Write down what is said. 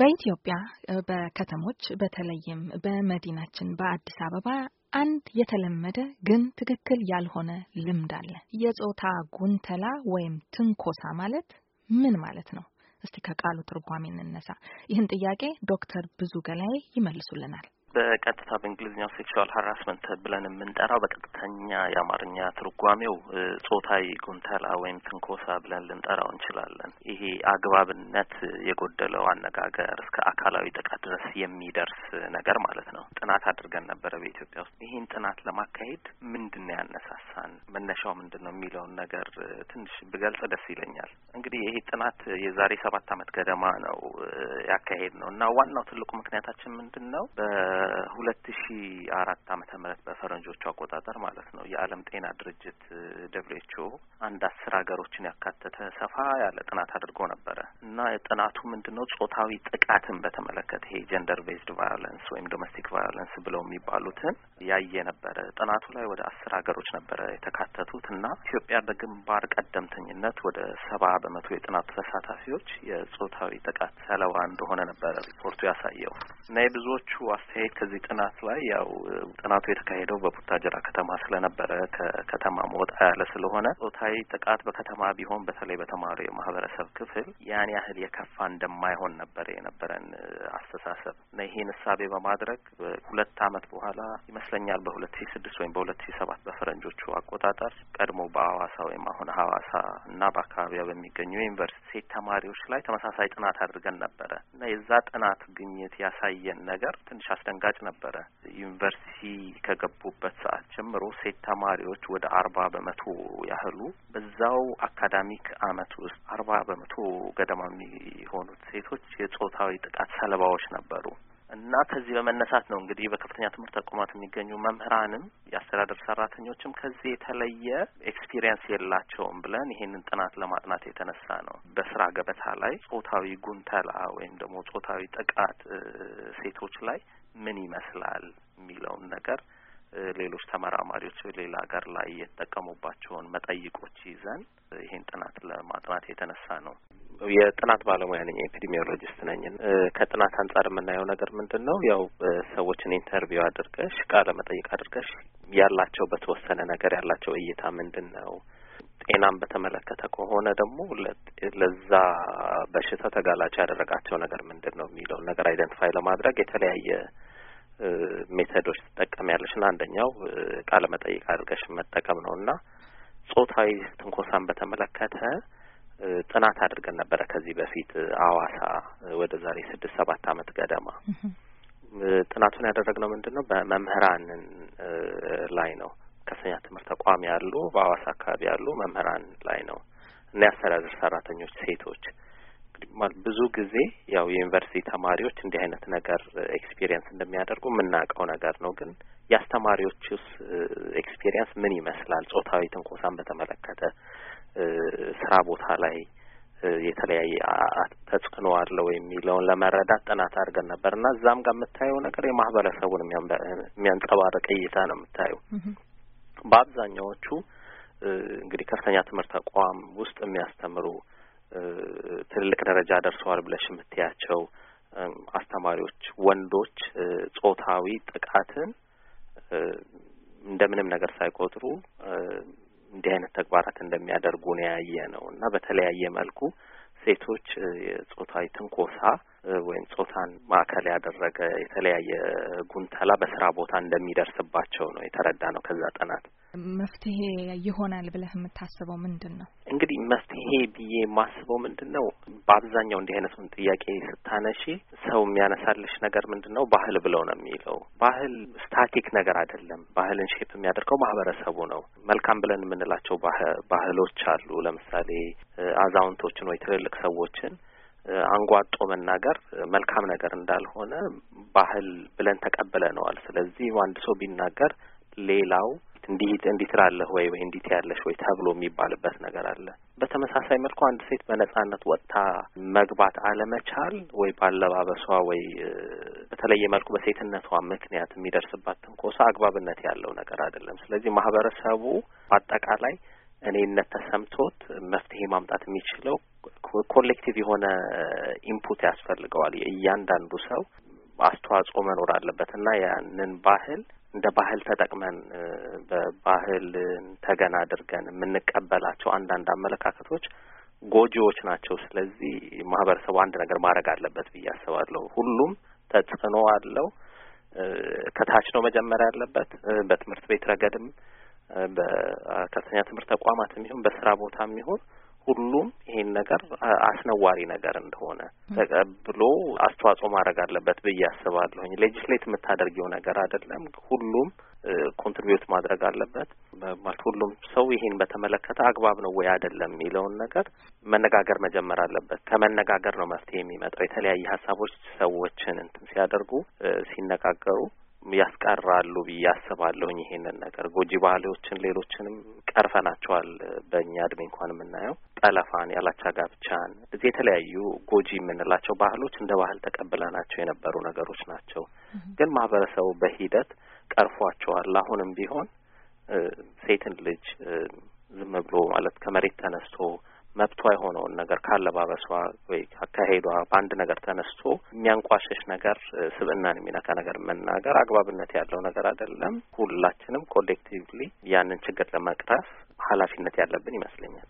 በኢትዮጵያ በከተሞች በተለይም በመዲናችን በአዲስ አበባ አንድ የተለመደ ግን ትክክል ያልሆነ ልምድ አለ። የጾታ ጉንተላ ወይም ትንኮሳ ማለት ምን ማለት ነው? እስቲ ከቃሉ ትርጓሜ እንነሳ። ይህን ጥያቄ ዶክተር ብዙ ገላይ ይመልሱልናል። በቀጥታ በእንግሊዝኛው ሴክሹዋል ሀራስመንት ብለን የምንጠራው በቀጥተኛ የአማርኛ ትርጓሜው ጾታዊ ጉንተላ ወይም ትንኮሳ ብለን ልንጠራው እንችላለን። ይሄ አግባብነት የጎደለው አነጋገር እስከ አካላዊ ጥቃት ድረስ የሚደርስ ነገር ማለት ነው። ጥናት አድርገን ነበረ በኢትዮጵያ ውስጥ። ይህን ጥናት ለማካሄድ ምንድን ነው ያነሳሳን፣ መነሻው ምንድን ነው የሚለውን ነገር ትንሽ ብገልጽ ደስ ይለኛል። እንግዲህ ይሄ ጥናት የዛሬ ሰባት ዓመት ገደማ ነው ያካሄድ ነው እና ዋናው ትልቁ ምክንያታችን ምንድን ነው በሁለት ሺ አራት አመተ ምህረት በፈረንጆቹ አቆጣጠር ማለት ነው የዓለም ጤና ድርጅት ደብሊው ኤች ኦ አንድ አስር ሀገሮችን ያካተተ ሰፋ ያለ ጥናት አድርጎ ነበረ እና ጥናቱ ምንድን ነው ጾታዊ ጥቃትን በተመለከተ ይሄ ጀንደር ቤዝድ ቫዮለንስ ወይም ዶሜስቲክ ቫዮለንስ ብለው የሚባሉትን ያየ ነበረ። ጥናቱ ላይ ወደ አስር ሀገሮች ነበረ የተካተቱት እና ኢትዮጵያ በግንባር ቀደምተኝነት ወደ ሰባ በመቶ የጥናቱ ተሳታፊዎች የጾታዊ ጥቃት ሰለባ እንደሆነ ነበረ ሪፖርቱ ያሳየው እና የብዙዎቹ አስተያየት ከዚህ ጥናት ላይ ያው ጥናቱ የተካሄደው በቡታጀራ ከተማ ስለነበረ ከከተማ መወጣ ያለ ስለሆነ ጾታዊ ጥቃት በከተማ ቢሆን በተለይ በተማሪው የማህበረሰብ ክፍል ያን ያህል የከፋ እንደማይሆን ነበረ የነበረን አስተሳሰብ እና ይሄን እሳቤ በማድረግ ሁለት አመት በኋላ ይመስለኛል በሁለት ሺ ስድስት ወይም በሁለት ሺ ሰባት በፈረንጆቹ አቆጣጠር ቀድሞ በአዋሳ ወይም አሁን ሀዋሳ እና በአካባቢያ በሚገኙ ዩኒቨርሲቲ ሴት ተማሪዎች ላይ ተመሳሳይ ጥናት አድርገን ነበረ እና የዛ ጥናት ግኝት ያሳየን ነገር ትንሽ አስደንጋ አዘጋጅ ነበረ። ዩኒቨርሲቲ ከገቡበት ሰዓት ጀምሮ ሴት ተማሪዎች ወደ አርባ በመቶ ያህሉ በዛው አካዳሚክ አመት ውስጥ አርባ በመቶ ገደማ የሚሆኑት ሴቶች የጾታዊ ጥቃት ሰለባዎች ነበሩ። እና ከዚህ በመነሳት ነው እንግዲህ በከፍተኛ ትምህርት ተቋማት የሚገኙ መምህራንም የአስተዳደር ሰራተኞችም ከዚህ የተለየ ኤክስፒሪየንስ የላቸውም ብለን ይሄንን ጥናት ለማጥናት የተነሳ ነው። በስራ ገበታ ላይ ጾታዊ ጉንተላ ወይም ደግሞ ጾታዊ ጥቃት ሴቶች ላይ ምን ይመስላል የሚለውን ነገር ሌሎች ተመራማሪዎች ሌላ ሀገር ላይ የተጠቀሙባቸውን መጠይቆች ይዘን ይሄን ጥናት ለማጥናት የተነሳ ነው። የጥናት ባለሙያ ነኝ፣ ኤፒዲሚዮሎጂስት ነኝ። ከጥናት አንጻር የምናየው ነገር ምንድን ነው? ያው ሰዎችን ኢንተርቪው አድርገሽ ቃለ መጠይቅ አድርገሽ ያላቸው በተወሰነ ነገር ያላቸው እይታ ምንድን ነው? ጤናን በተመለከተ ከሆነ ደግሞ ለዛ በሽታ ተጋላጭ ያደረጋቸው ነገር ምንድን ነው የሚለውን ነገር አይደንቲፋይ ለማድረግ የተለያየ ሜተዶች ትጠቀም ያለሽ ና አንደኛው ቃለ መጠይቅ አድርገሽ መጠቀም ነው እና ጾታዊ ትንኮሳን በተመለከተ ጥናት አድርገን ነበረ ከዚህ በፊት አዋሳ ወደ ዛሬ ስድስት ሰባት አመት ገደማ ጥናቱን ያደረግነው ምንድን ነው በመምህራንን ላይ ነው። ከፍተኛ ትምህርት ተቋም ያሉ በአዋሳ አካባቢ ያሉ መምህራን ላይ ነው እና የአስተዳደር ሰራተኞች ሴቶች ብዙ ጊዜ ያው የዩኒቨርሲቲ ተማሪዎች እንዲህ አይነት ነገር ኤክስፒሪየንስ እንደሚያደርጉ የምናውቀው ነገር ነው። ግን የአስተማሪዎቹስ ኤክስፒሪየንስ ምን ይመስላል? ጾታዊ ትንኮሳን በተመለከተ ስራ ቦታ ላይ የተለያየ ተጽዕኖ አለው የሚለውን ለመረዳት ጥናት አድርገን ነበር እና እዛም ጋር የምታየው ነገር የማህበረሰቡን የሚያንጸባርቅ እይታ ነው የምታየው። በአብዛኛዎቹ እንግዲህ ከፍተኛ ትምህርት ተቋም ውስጥ የሚያስተምሩ ትልልቅ ደረጃ ደርሰዋል ብለሽ የምትያቸው አስተማሪዎች ወንዶች ጾታዊ ጥቃትን እንደምንም ነገር ሳይቆጥሩ እንዲህ አይነት ተግባራት እንደሚያደርጉ ነው ያየ ነው እና በተለያየ መልኩ ሴቶች የጾታዊ ትንኮሳ ወይም ጾታን ማዕከል ያደረገ የተለያየ ጉንተላ በስራ ቦታ እንደሚደርስባቸው ነው የተረዳ ነው ከዛ ጥናት። መፍትሄ ይሆናል ብለህ የምታስበው ምንድን ነው? እንግዲህ መፍትሄ ብዬ የማስበው ምንድን ነው፣ በአብዛኛው እንዲህ አይነቱን ጥያቄ ስታነሺ ሰው የሚያነሳልሽ ነገር ምንድን ነው? ባህል ብለው ነው የሚለው። ባህል ስታቲክ ነገር አይደለም። ባህልን ሼፕ የሚያደርገው ማህበረሰቡ ነው። መልካም ብለን የምንላቸው ባህሎች አሉ። ለምሳሌ አዛውንቶችን ወይ ትልልቅ ሰዎችን አንጓጦ መናገር መልካም ነገር እንዳልሆነ ባህል ብለን ተቀብለነዋል። ስለዚህ አንድ ሰው ቢናገር ሌላው እንዲህ እንዲህ ትላለህ ወይ ወይ እንዲት ያለሽ ወይ ተብሎ የሚባልበት ነገር አለ። በተመሳሳይ መልኩ አንድ ሴት በነጻነት ወጥታ መግባት አለመቻል ወይ ባለባበሷ ወይ በተለየ መልኩ በሴትነቷ ምክንያት የሚደርስባት ትንኮሳ አግባብነት ያለው ነገር አይደለም። ስለዚህ ማህበረሰቡ አጠቃላይ እኔነት ተሰምቶት መፍትሄ ማምጣት የሚችለው ኮሌክቲቭ የሆነ ኢንፑት ያስፈልገዋል። የእያንዳንዱ ሰው አስተዋጽኦ መኖር አለበት እና ያንን ባህል እንደ ባህል ተጠቅመን በባህል ተገን አድርገን የምንቀበላቸው አንዳንድ አመለካከቶች ጎጂዎች ናቸው። ስለዚህ ማህበረሰቡ አንድ ነገር ማድረግ አለበት ብዬ አስባለሁ። ሁሉም ተጽዕኖ አለው። ከታች ነው መጀመሪያ ያለበት። በትምህርት ቤት ረገድም በከፍተኛ ትምህርት ተቋማት የሚሆን በስራ ቦታ የሚሆን ሁሉም ይሄን ነገር አስነዋሪ ነገር እንደሆነ ተቀብሎ አስተዋጽኦ ማድረግ አለበት ብዬ አስባለሁኝ። ሌጅስሌት የምታደርጊው ነገር አይደለም። ሁሉም ኮንትሪቢዩት ማድረግ አለበት ማለት ሁሉም ሰው ይሄን በተመለከተ አግባብ ነው ወይ አይደለም የሚለውን ነገር መነጋገር መጀመር አለበት። ከመነጋገር ነው መፍትሄ የሚመጣው። የተለያየ ሀሳቦች ሰዎችን እንትን ሲያደርጉ ሲነጋገሩ ያስቀራሉ ብዬ አስባለሁኝ። ይሄንን ነገር ጎጂ ባህሌዎችን ሌሎችንም ቀርፈናቸዋል። በእኛ እድሜ እንኳን የምናየው ጠለፋን፣ ያላቻ ጋብቻን፣ እዚህ የተለያዩ ጎጂ የምንላቸው ባህሎች እንደ ባህል ተቀብለናቸው የነበሩ ነገሮች ናቸው። ግን ማህበረሰቡ በሂደት ቀርፏቸዋል። አሁንም ቢሆን ሴትን ልጅ ዝም ብሎ ማለት ከመሬት ተነስቶ መብቷ የሆነውን ነገር ካለባበሷ ወይ አካሄዷ በአንድ ነገር ተነስቶ የሚያንቋሸሽ ነገር፣ ስብእናን የሚነካ ነገር መናገር አግባብነት ያለው ነገር አይደለም። ሁላችንም ኮሌክቲቭሊ ያንን ችግር ለመቅረፍ ኃላፊነት ያለብን ይመስለኛል።